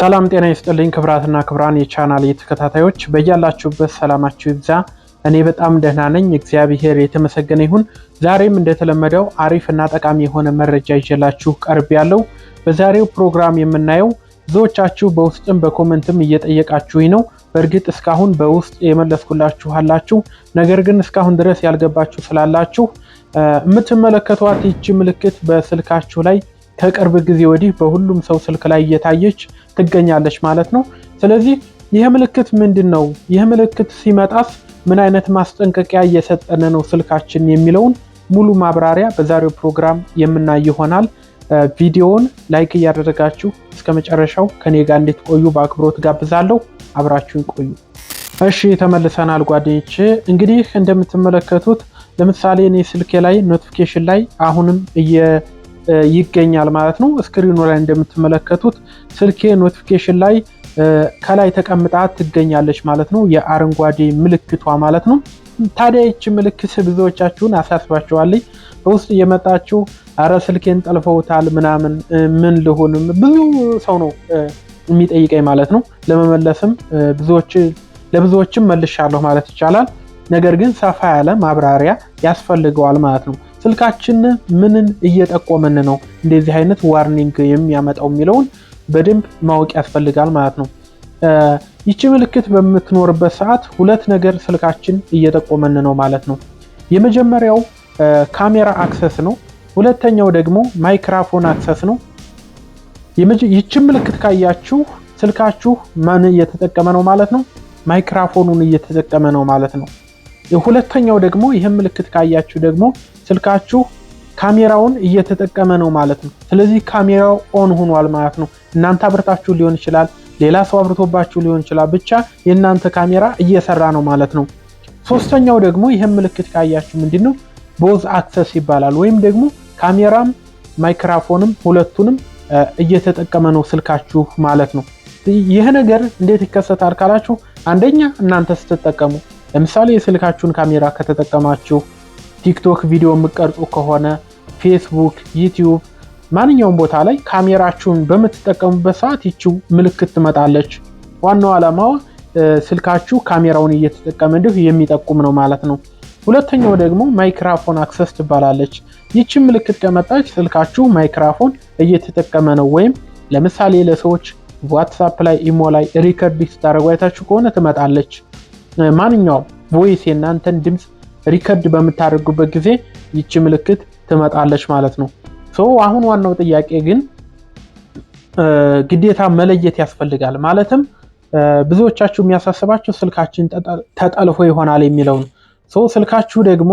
ሰላም ጤና ይስጥልኝ ክብራትና ክብራን የቻናል ተከታታዮች በያላችሁበት ሰላማችሁ ይብዛ። እኔ በጣም ደህና ነኝ፣ እግዚአብሔር የተመሰገነ ይሁን። ዛሬም እንደተለመደው አሪፍና ጠቃሚ የሆነ መረጃ ይዤላችሁ ቀርብ ያለው በዛሬው ፕሮግራም የምናየው ብዙዎቻችሁ በውስጥም በኮመንትም እየጠየቃችሁኝ ነው። በእርግጥ እስካሁን በውስጥ የመለስኩላችሁ አላችሁ፣ ነገር ግን እስካሁን ድረስ ያልገባችሁ ስላላችሁ የምትመለከቷት ይቺ ምልክት በስልካችሁ ላይ ከቅርብ ጊዜ ወዲህ በሁሉም ሰው ስልክ ላይ እየታየች ትገኛለች ማለት ነው። ስለዚህ ይህ ምልክት ምንድን ነው? ይህ ምልክት ሲመጣስ ምን አይነት ማስጠንቀቂያ እየሰጠነ ነው ስልካችን የሚለውን ሙሉ ማብራሪያ በዛሬው ፕሮግራም የምናይ ይሆናል። ቪዲዮውን ላይክ እያደረጋችሁ እስከ መጨረሻው ከኔ ጋር እንድትቆዩ በአክብሮት ጋብዛለሁ። አብራችሁን ይቆዩ። እሺ ተመልሰናል ጓደኞች እንግዲህ እንደምትመለከቱት ለምሳሌ እኔ ስልኬ ላይ ኖቲፊኬሽን ላይ አሁንም ይገኛል ማለት ነው። ስክሪኑ ላይ እንደምትመለከቱት ስልኬ ኖቲፊኬሽን ላይ ከላይ ተቀምጣ ትገኛለች ማለት ነው። የአረንጓዴ ምልክቷ ማለት ነው። ታዲያ ይቺ ምልክት ብዙዎቻችሁን አሳስባችኋለች። በውስጥ እየመጣችሁ አረ ስልኬን ጠልፈውታል ምናምን ምን ልሆንም ብዙ ሰው ነው የሚጠይቀኝ ማለት ነው። ለመመለስም ለብዙዎችም መልሻለሁ ማለት ይቻላል። ነገር ግን ሰፋ ያለ ማብራሪያ ያስፈልገዋል ማለት ነው። ስልካችን ምንን እየጠቆመን ነው፣ እንደዚህ አይነት ዋርኒንግ የሚያመጣው የሚለውን በደንብ ማወቅ ያስፈልጋል ማለት ነው። ይቺ ምልክት በምትኖርበት ሰዓት ሁለት ነገር ስልካችን እየጠቆመን ነው ማለት ነው። የመጀመሪያው ካሜራ አክሰስ ነው። ሁለተኛው ደግሞ ማይክራፎን አክሰስ ነው። ይቺ ምልክት ካያችሁ ስልካችሁ ማን እየተጠቀመ ነው ማለት ነው? ማይክራፎኑን እየተጠቀመ ነው ማለት ነው። ሁለተኛው ደግሞ ይህም ምልክት ካያችሁ ደግሞ ስልካችሁ ካሜራውን እየተጠቀመ ነው ማለት ነው። ስለዚህ ካሜራው ኦን ሆኗል ማለት ነው። እናንተ አብርታችሁ ሊሆን ይችላል፣ ሌላ ሰው አብርቶባችሁ ሊሆን ይችላል። ብቻ የእናንተ ካሜራ እየሰራ ነው ማለት ነው። ሶስተኛው ደግሞ ይህም ምልክት ካያችሁ ምንድን ነው ቦዝ አክሰስ ይባላል። ወይም ደግሞ ካሜራም ማይክራፎንም ሁለቱንም እየተጠቀመ ነው ስልካችሁ ማለት ነው። ይህ ነገር እንዴት ይከሰታል ካላችሁ፣ አንደኛ እናንተ ስትጠቀሙ፣ ለምሳሌ የስልካችሁን ካሜራ ከተጠቀማችሁ ቲክቶክ ቪዲዮ የምቀርጹ ከሆነ ፌስቡክ፣ ዩቲዩብ ማንኛውም ቦታ ላይ ካሜራችሁን በምትጠቀሙበት ሰዓት ይቺው ምልክት ትመጣለች። ዋናው ዓላማዋ ስልካችሁ ካሜራውን እየተጠቀመ እንዲሁ የሚጠቁም ነው ማለት ነው። ሁለተኛው ደግሞ ማይክራፎን አክሰስ ትባላለች። ይቺን ምልክት ከመጣች ስልካችሁ ማይክራፎን እየተጠቀመ ነው ወይም ለምሳሌ ለሰዎች ዋትሳፕ ላይ፣ ኢሞ ላይ ሪከርድ ስታደርጉ አይታችሁ ከሆነ ትመጣለች። ማንኛውም ቮይስ የእናንተን ድምፅ ሪከርድ በምታደርጉበት ጊዜ ይቺ ምልክት ትመጣለች ማለት ነው። ሶ አሁን ዋናው ጥያቄ ግን ግዴታ መለየት ያስፈልጋል። ማለትም ብዙዎቻችሁ የሚያሳስባችሁ ስልካችን ተጠልፎ ይሆናል የሚለው ነው። ስልካችሁ ደግሞ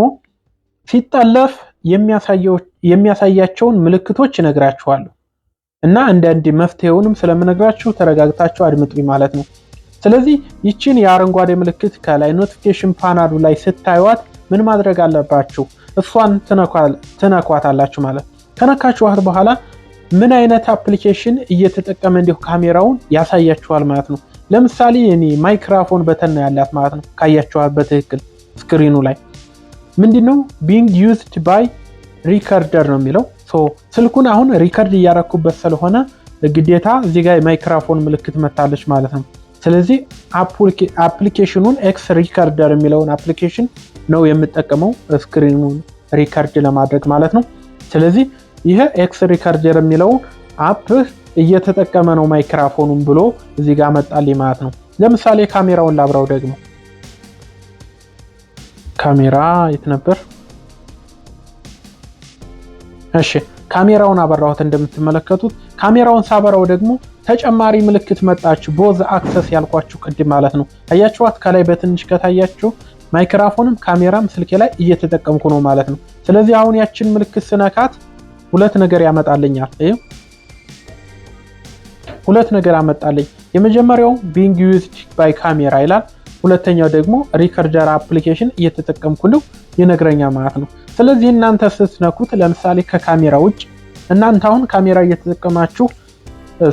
ሲጠለፍ የሚያሳያቸውን ምልክቶች ይነግራችኋሉ እና አንዳንድ መፍትሄውንም ስለምነግራችሁ ተረጋግታችሁ አድምጡኝ ማለት ነው። ስለዚህ ይችን የአረንጓዴ ምልክት ከላይ ኖቲፊኬሽን ፓናሉ ላይ ስታዩት ምን ማድረግ አለባችሁ? እሷን ትነኳታላችሁ ማለት። ከነካችኋት በኋላ ምን አይነት አፕሊኬሽን እየተጠቀመ እንዲሁ ካሜራውን ያሳያችኋል ማለት ነው። ለምሳሌ እኔ ማይክራፎን በተና ያላት ማለት ነው። ካያችኋት በትክክል ስክሪኑ ላይ ምንድነው ቢንግ ዩዝድ ባይ ሪከርደር ነው የሚለው። ስልኩን አሁን ሪከርድ እያረኩበት ስለሆነ ግዴታ እዚህ ጋር የማይክራፎን ምልክት መታለች ማለት ነው። ስለዚህ አፕሊኬሽኑን ኤክስ ሪከርደር የሚለውን አፕሊኬሽን ነው የምጠቀመው ስክሪኑን ሪከርድ ለማድረግ ማለት ነው። ስለዚህ ይህ ኤክስ ሪከርደር የሚለው አፕ እየተጠቀመ ነው ማይክራፎኑን ብሎ እዚህ ጋር መጣልኝ ማለት ነው። ለምሳሌ ካሜራውን ላብራው ደግሞ ካሜራ የት ነበር? እሺ ካሜራውን አበራሁት። እንደምትመለከቱት ካሜራውን ሳበራው ደግሞ ተጨማሪ ምልክት መጣች። ቦዝ አክሰስ ያልኳችሁ ቅድም ማለት ነው። አያችኋት? ከላይ በትንሽ ከታያችሁ ማይክራፎንም ካሜራም ስልኬ ላይ እየተጠቀምኩ ነው ማለት ነው። ስለዚህ አሁን ያችን ምልክት ስነካት ሁለት ነገር ያመጣልኛል። ሁለት ነገር አመጣልኝ። የመጀመሪያው ቢንግ ዩዝድ ባይ ካሜራ ይላል። ሁለተኛው ደግሞ ሪከርደር አፕሊኬሽን እየተጠቀምኩ ነው ማለት ነው። ስለዚህ እናንተ ስትነኩት ለምሳሌ ከካሜራ ውጭ እናንተ አሁን ካሜራ እየተጠቀማችሁ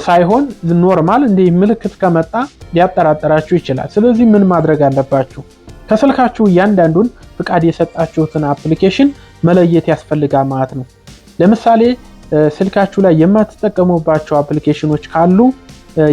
ሳይሆን ኖርማል እንዲህ ምልክት ከመጣ ሊያጠራጠራችሁ ይችላል። ስለዚህ ምን ማድረግ አለባችሁ? ከስልካችሁ እያንዳንዱን ፍቃድ የሰጣችሁትን አፕሊኬሽን መለየት ያስፈልጋል ማለት ነው። ለምሳሌ ስልካችሁ ላይ የማትጠቀሙባቸው አፕሊኬሽኖች ካሉ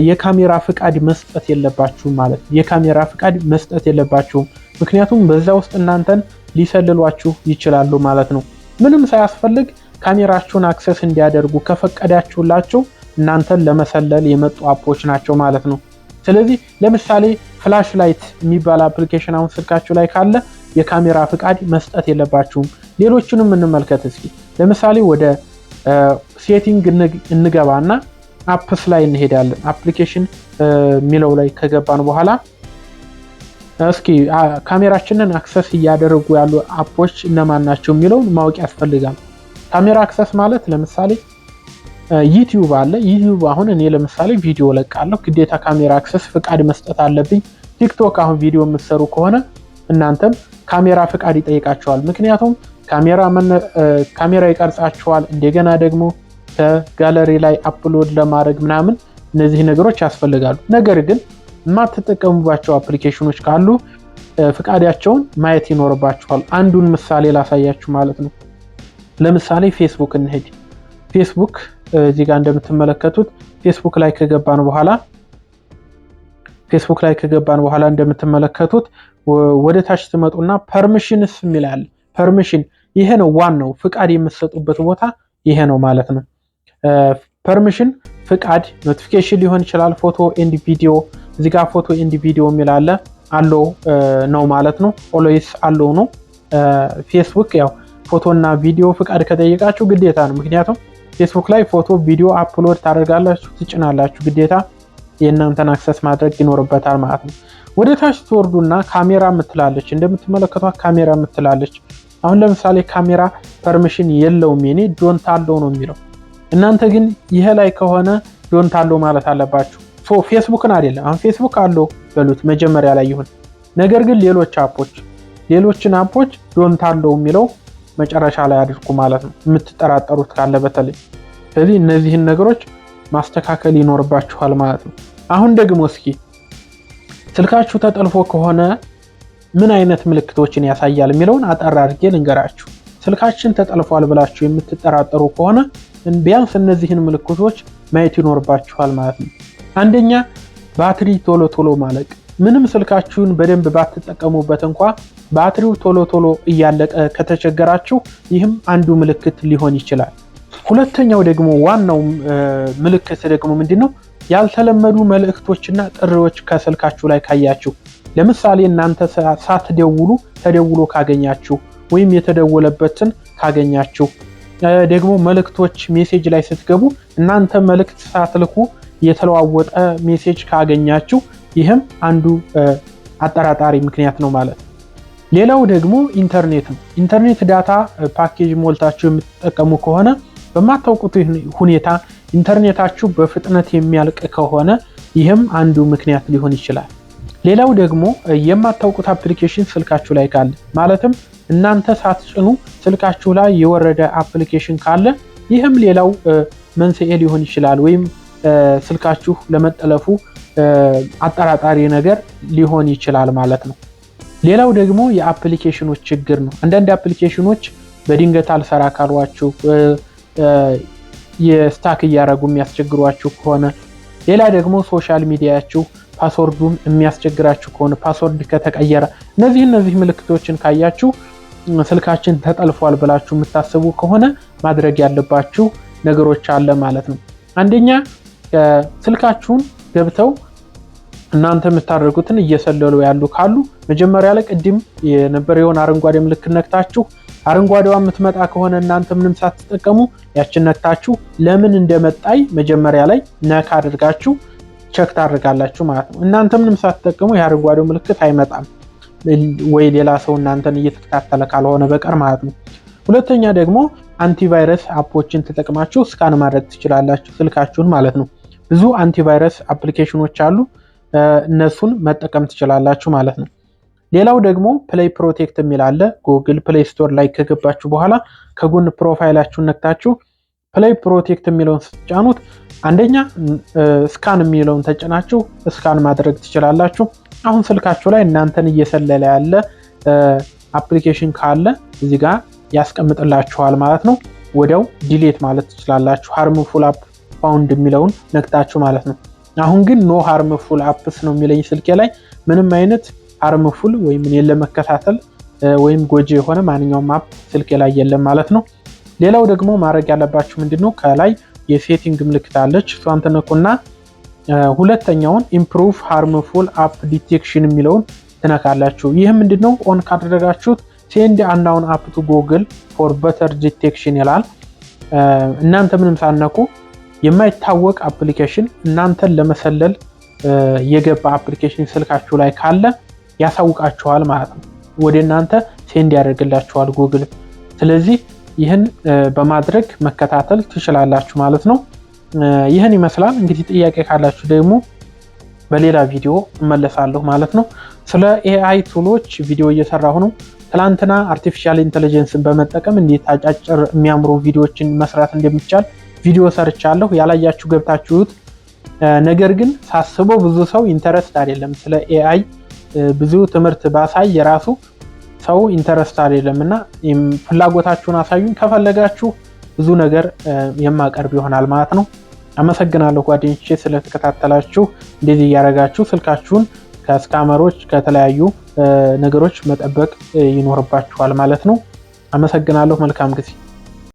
የካሜራ ፍቃድ መስጠት የለባችሁም ማለት ነው። የካሜራ ፍቃድ መስጠት የለባችሁም፣ ምክንያቱም በዛ ውስጥ እናንተን ሊሰልሏችሁ ይችላሉ ማለት ነው። ምንም ሳያስፈልግ ካሜራችሁን አክሰስ እንዲያደርጉ ከፈቀዳችሁላቸው እናንተን ለመሰለል የመጡ አፖች ናቸው ማለት ነው። ስለዚህ ለምሳሌ ፍላሽ ላይት የሚባል አፕሊኬሽን አሁን ስልካችሁ ላይ ካለ የካሜራ ፍቃድ መስጠት የለባችሁም። ሌሎችንም እንመልከት እስኪ። ለምሳሌ ወደ ሴቲንግ እንገባና አፕስ ላይ እንሄዳለን። አፕሊኬሽን የሚለው ላይ ከገባን በኋላ እስኪ ካሜራችንን አክሰስ እያደረጉ ያሉ አፖች እነማን ናቸው የሚለውን ማወቅ ያስፈልጋል። ካሜራ አክሰስ ማለት ለምሳሌ ዩቲዩብ አለ። ዩቲዩብ አሁን እኔ ለምሳሌ ቪዲዮ ለቃለሁ፣ ግዴታ ካሜራ አክሰስ ፍቃድ መስጠት አለብኝ። ቲክቶክ አሁን ቪዲዮ የምትሰሩ ከሆነ እናንተም ካሜራ ፍቃድ ይጠይቃቸዋል። ምክንያቱም ካሜራ ይቀርጻቸዋል። እንደገና ደግሞ ከጋለሪ ላይ አፕሎድ ለማድረግ ምናምን እነዚህ ነገሮች ያስፈልጋሉ። ነገር ግን የማትጠቀሙባቸው አፕሊኬሽኖች ካሉ ፍቃዳቸውን ማየት ይኖርባቸዋል አንዱን ምሳሌ ላሳያችሁ ማለት ነው። ለምሳሌ ፌስቡክ እንሄድ። ፌስቡክ እዚህ ጋር እንደምትመለከቱት ፌስቡክ ላይ ከገባን በኋላ ፌስቡክ ላይ ከገባን በኋላ እንደምትመለከቱት ወደ ታች ትመጡና ፐርሚሽንስ የሚላል ፐርሚሽን፣ ይሄ ነው ዋናው ፍቃድ የምትሰጡበት ቦታ ይሄ ነው ማለት ነው። ፐርሚሽን ፍቃድ፣ ኖቲፊኬሽን ሊሆን ይችላል፣ ፎቶ ኤንድ ቪዲዮ። እዚህ ጋር ፎቶ ኤንድ ቪዲዮ የሚላለ አሎ ነው ማለት ነው። ኦሎይስ አለው ነው ፌስቡክ ያው ፎቶና ቪዲዮ ፍቃድ ከጠየቃችሁ ግዴታ ነው ምክንያቱም ፌስቡክ ላይ ፎቶ፣ ቪዲዮ አፕሎድ ታደርጋላችሁ፣ ትጭናላችሁ። ግዴታ የእናንተን አክሰስ ማድረግ ይኖርበታል ማለት ነው። ወደ ታች ትወርዱና ካሜራ ምትላለች፣ እንደምትመለከቷት ካሜራ ምትላለች። አሁን ለምሳሌ ካሜራ ፐርሚሽን የለውም የኔ ዶንት አለው ነው የሚለው። እናንተ ግን ይሄ ላይ ከሆነ ዶንት አለው ማለት አለባችሁ። ፌስቡክን አይደለም አሁን ፌስቡክ አለው በሉት መጀመሪያ ላይ ይሁን። ነገር ግን ሌሎች አፖች ሌሎችን አፖች ዶንት አለው የሚለው መጨረሻ ላይ አድርጉ ማለት ነው፣ የምትጠራጠሩት ካለ በተለይ። ስለዚህ እነዚህን ነገሮች ማስተካከል ይኖርባችኋል ማለት ነው። አሁን ደግሞ እስኪ ስልካችሁ ተጠልፎ ከሆነ ምን አይነት ምልክቶችን ያሳያል የሚለውን አጠር አድርጌ ልንገራችሁ። ስልካችን ተጠልፏል ብላችሁ የምትጠራጠሩ ከሆነ ቢያንስ እነዚህን ምልክቶች ማየት ይኖርባችኋል ማለት ነው። አንደኛ ባትሪ ቶሎ ቶሎ ማለቅ። ምንም ስልካችሁን በደንብ ባትጠቀሙበት እንኳ ባትሪው ቶሎ ቶሎ እያለቀ ከተቸገራችሁ ይህም አንዱ ምልክት ሊሆን ይችላል። ሁለተኛው ደግሞ ዋናው ምልክት ደግሞ ምንድን ነው? ያልተለመዱ መልእክቶችና ጥሪዎች ከስልካችሁ ላይ ካያችሁ፣ ለምሳሌ እናንተ ሳትደውሉ ተደውሎ ካገኛችሁ ወይም የተደወለበትን ካገኛችሁ፣ ደግሞ መልእክቶች ሜሴጅ ላይ ስትገቡ እናንተ መልእክት ሳትልኩ የተለዋወጠ ሜሴጅ ካገኛችሁ፣ ይህም አንዱ አጠራጣሪ ምክንያት ነው ማለት ነው። ሌላው ደግሞ ኢንተርኔት ነው። ኢንተርኔት ዳታ ፓኬጅ ሞልታችሁ የምትጠቀሙ ከሆነ በማታውቁት ሁኔታ ኢንተርኔታችሁ በፍጥነት የሚያልቅ ከሆነ ይህም አንዱ ምክንያት ሊሆን ይችላል። ሌላው ደግሞ የማታውቁት አፕሊኬሽን ስልካችሁ ላይ ካለ ማለትም እናንተ ሳትጭኑ ስልካችሁ ላይ የወረደ አፕሊኬሽን ካለ ይህም ሌላው መንስኤ ሊሆን ይችላል ወይም ስልካችሁ ለመጠለፉ አጠራጣሪ ነገር ሊሆን ይችላል ማለት ነው። ሌላው ደግሞ የአፕሊኬሽኖች ችግር ነው። አንዳንድ አፕሊኬሽኖች በድንገት አልሰራ ካሏችሁ የስታክ እያደረጉ የሚያስቸግሯችሁ ከሆነ ሌላ ደግሞ ሶሻል ሚዲያችሁ ፓስወርዱን የሚያስቸግራችሁ ከሆነ ፓስወርድ ከተቀየረ እነዚህ እነዚህ ምልክቶችን ካያችሁ ስልካችን ተጠልፏል ብላችሁ የምታስቡ ከሆነ ማድረግ ያለባችሁ ነገሮች አለ ማለት ነው። አንደኛ ስልካችሁን ገብተው እናንተ የምታደርጉትን እየሰለሉ ያሉ ካሉ መጀመሪያ ላይ ቅድም የነበረ የሆነ አረንጓዴ ምልክት ነክታችሁ አረንጓዴዋ የምትመጣ ከሆነ እናንተ ምንም ሳትጠቀሙ ያችን ነክታችሁ ለምን እንደመጣይ መጀመሪያ ላይ ነካ አድርጋችሁ ቸክ ታደርጋላችሁ ማለት ነው። እናንተ ምንም ሳትጠቀሙ የአረንጓዴው ምልክት አይመጣም ወይ ሌላ ሰው እናንተን እየተከታተለ ካልሆነ በቀር ማለት ነው። ሁለተኛ ደግሞ አንቲቫይረስ አፖችን ተጠቅማችሁ ስካን ማድረግ ትችላላችሁ ስልካችሁን ማለት ነው። ብዙ አንቲቫይረስ አፕሊኬሽኖች አሉ። እነሱን መጠቀም ትችላላችሁ ማለት ነው። ሌላው ደግሞ ፕሌይ ፕሮቴክት የሚል አለ። ጉግል ፕሌይ ስቶር ላይ ከገባችሁ በኋላ ከጎን ፕሮፋይላችሁን ነክታችሁ ፕሌይ ፕሮቴክት የሚለውን ስትጫኑት አንደኛ ስካን የሚለውን ተጭናችሁ ስካን ማድረግ ትችላላችሁ። አሁን ስልካችሁ ላይ እናንተን እየሰለለ ያለ አፕሊኬሽን ካለ እዚህ ጋር ያስቀምጥላችኋል ማለት ነው። ወዲያው ዲሌት ማለት ትችላላችሁ። ሃርምፉል አፕ ፋውንድ የሚለውን ነክታችሁ ማለት ነው። አሁን ግን ኖ ሃርምፉል አፕስ ነው የሚለኝ ስልኬ ላይ ምንም አይነት ሃርምፉል ወይም እኔን ለመከታተል ወይም ጎጂ የሆነ ማንኛውም አፕ ስልኬ ላይ የለም ማለት ነው። ሌላው ደግሞ ማድረግ ያለባችሁ ምንድነው ከላይ የሴቲንግ ምልክት አለች። እሷን ትነኩና ሁለተኛውን ኢምፕሩቭ ሃርምፉል አፕ ዲቴክሽን የሚለውን ትነካላችሁ። ይህ ምንድነው ኦን ካደረጋችሁት ሴንድ አናውን አፕ ቱ ጎግል ፎር በተር ዲቴክሽን ይላል። እናንተ ምንም ሳነኩ የማይታወቅ አፕሊኬሽን እናንተን ለመሰለል የገባ አፕሊኬሽን ስልካችሁ ላይ ካለ ያሳውቃችኋል ማለት ነው። ወደ እናንተ ሴንድ ያደርግላችኋል ጉግል። ስለዚህ ይህን በማድረግ መከታተል ትችላላችሁ ማለት ነው። ይህን ይመስላል። እንግዲህ ጥያቄ ካላችሁ ደግሞ በሌላ ቪዲዮ እመለሳለሁ ማለት ነው። ስለ ኤአይ ቱሎች ቪዲዮ እየሰራሁ ነው። ትላንትና አርቲፊሻል ኢንቴሊጀንስን በመጠቀም እንዴት አጫጭር የሚያምሩ ቪዲዮዎችን መስራት እንደሚቻል ቪዲዮ ሰርቻለሁ ያላያችሁ ገብታችሁት። ነገር ግን ሳስበው ብዙ ሰው ኢንተረስት አይደለም ስለ ኤአይ ብዙ ትምህርት ባሳይ የራሱ ሰው ኢንተረስት አይደለም እና ፍላጎታችሁን አሳዩኝ። ከፈለጋችሁ ብዙ ነገር የማቀርብ ይሆናል ማለት ነው። አመሰግናለሁ ጓደኞቼ ስለተከታተላችሁ። እንደዚህ እያደረጋችሁ ስልካችሁን ከስካመሮች ከተለያዩ ነገሮች መጠበቅ ይኖርባችኋል ማለት ነው። አመሰግናለሁ። መልካም ጊዜ